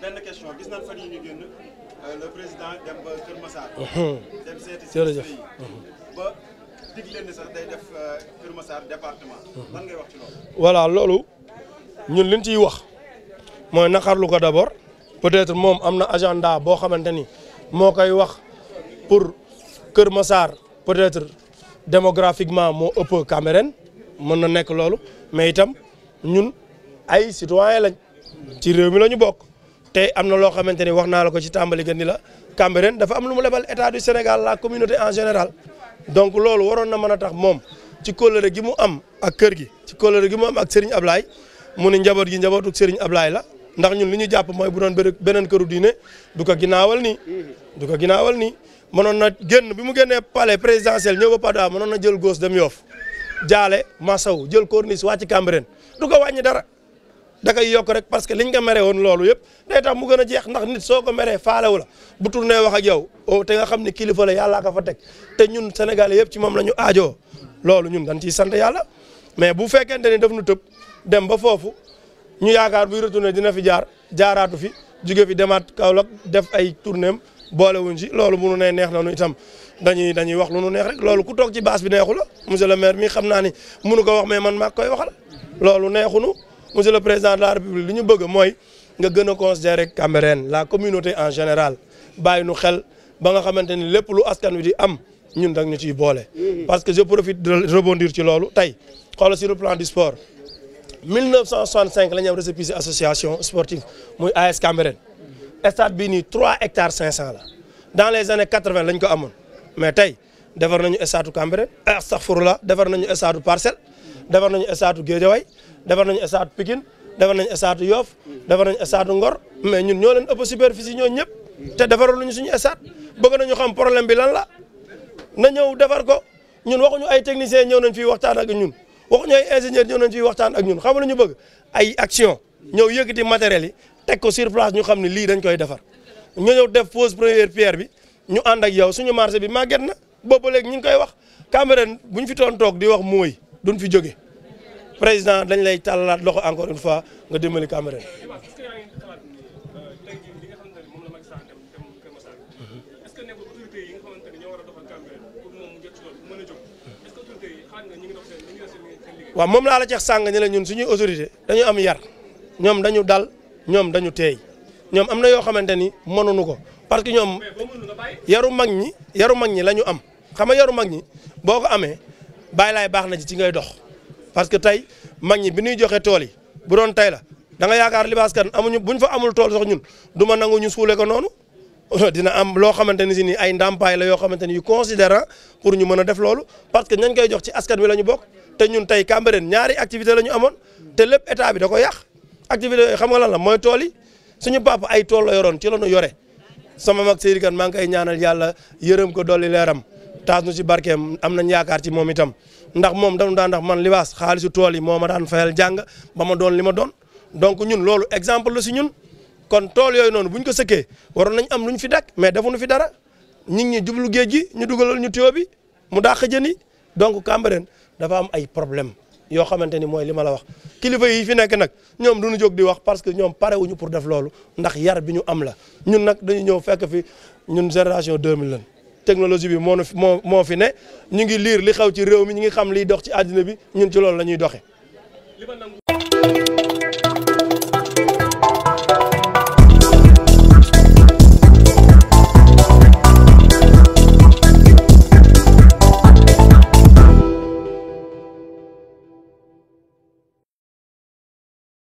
benn question gis nañ euh, président dem ba euh, loolu. ñun liñ ciy wax mooy naqarlu ko d'abord peut-être moom am na agenda boo xamante ni moo koy wax pour Kër Massar peut-être démographiquement moo ëpp Cambérène mën na nekk loolu mais itam ñun ay citoyen lañ ci réew mi la ñu bokk. te am na loo xamante ni wax naa la ko ci tàmbali ga la Cambérène dafa am lu mu lebal état du Sénégal la communauté en général donc loolu waroon na mën a tax moom ci kóllëre gi mu am ak kër gi ci kóllëre gi mu am ak Serigne Ablaye mu ne njaboot gi njabootuk Serigne Ablaye la ndax ñun li ñu jàpp mooy bu doon beneen këru diine du ko ni nii du ko ginaawal nii mënoon na génn bi mu génnee palais présidentiel ñëw ba Padoa mënoon na jël góos dem yoof jaale masaw jël corniche wàcc Cambérène du ko wàññi dara da koy yokk rek parce que liñ ko mere woon loolu yëpp day tax mu gën a jeex ndax nit soo ko meree faalewu la bu tourné wax ak yow oh, te nga xam ne kilifa la yàllaa ko fa teg te ñun sénégal yëpp ci moom la ñu aajoo loolu ñun dañ ciy sant yàlla mais bu fekkente ni daf nu tëb dem ba foofu ñu yaakaar buy retourné dina fi jaar jaaraatu fi jigée fi demaat Kaolack def ay tournéem boolewuñ ci loolu bu nu nee neex na nu itam dañuy dañuy wax lu nu neex rek loolu ku toog ci baas bi neexu la monsieur le maire mi xam naa ni mënu ko wax mais man maa koy waxal loolu neexunu monsieur le président de la république li ñu bëgg mooy nga gën a considérer Cambérène la communauté en général bàyyi nu xel ba nga xamante ni lépp lu askan wi di am ñun dag ñu ciy boole. parce que je profite de rebondir ci loolu tey xoolal sur le plan du sport 1965 la ñu am association sportive muy AS Cambérène stade bii nii 3 hectares 500 la dans les années 80 la ñu ko amoon mais tey defar nañu stade Cambérène eh, astaghfirullah defar nañu stade Parcelles. defar nañu stade Guédiawaye defar nañu stade Pikine defar nañu stade Yoff defar nañu stade Ngor mais ñun ñoo leen ëpp superficie ñoo ñëpp te defaral nañu suñu stade bëgg nañu xam problème bi lan na ñëw defar ko ñun waxuñu ay techniciens ñëw nañ fi waxtaan ak ñun waxuñu ay ingénieurs ñëw nañ fii waxtaan ak ñun xamu nañu bëgg ay action ñëw di matériels yi teg ko sur ñu xam ne lii dañ koy defar ñu ñëw def pose première pierre bi ñu ànd ak yow suñu marché bi màgget na boobu léegi ñu ngi koy wax Cambérène bu ñu fi doon toog di wax mooy duñ fi jóge président dañ lay tàllalaat loxo encore une fois nga dimbali Cambérène. waaw moom laa la ceex sàng ne la ñun suñuy autorité dañu am yar ñoom dañu dal ñoom dañu teey ñoom am na yoo xamante ni mënuñu ko parce que ñoom yaru mag ñi yaru mag ñi lañu am xam nga yaru mag ñi boo ko amee. bàyyi laay baax na ci ngay dox parce que tey mag ñi bi ñuy joxe tool yi bu doon tey la da nga yaakaar Libaas Kan amuñu buñ fa amul tool sax ñun du ma nangu ñu suule ko noonu dina am loo xamante ni si ni ay ndàmpaay la yoo xamante ni yu considérant pour ñu mën a def loolu parce que ñañ koy jox ci askan wi la ñu bokk te ñun tey Cambérène ñaari activité la ñu amoon te lépp état bi da ko yàq activité yooyu xam nga lan la mooy tool yi suñu papa ay tool ci la yore sama mag Seydou maa ngi koy ñaanal yàlla yërëm ko dolli leeram taas nu ci barkeem am yaakaar ci moom itam ndax moom dañu daan ndax man libaas xaalisu tool yi moo ma daan fayal jàng ba ma doon li ma doon donc ñun loolu exemple la si ñun kon tool yooyu noonu bu ñu ko sëkkee waroon nañ am lu ñu fi dak mais defuñu fi dara ñu ngi jublu géej gi ñu dugalal ñu tuyoo bi mu dàq jën yi donc Cambérène dafa am ay problème yoo xamante ni mooy li ma la wax kilifa yi fi nekk nag ñoom du ñu jóg di wax parce que ñoom pare wuñu pour def loolu ndax yar bi ñu am la ñun nag dañu ñëw fekk fi ñun génération 2000 lan technologie bi moo moo moo fi ne ñu ngi liir li xew ci réew mi ñu ngi xam liy dox ci àddina bi ñun ci loolu la doxee